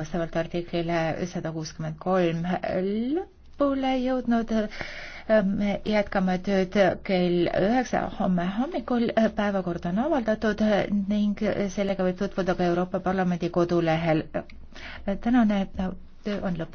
vastavalt artiklile sada kuuskümmend kolm lõpule jõudnud. Ehm, me jätkame tööd kell üheksa homme hommikul, päevakord on avaldatud ning sellega võib tutvuda ka Euroopa Parlamendi kodulehel. tänane töö on lõppenud.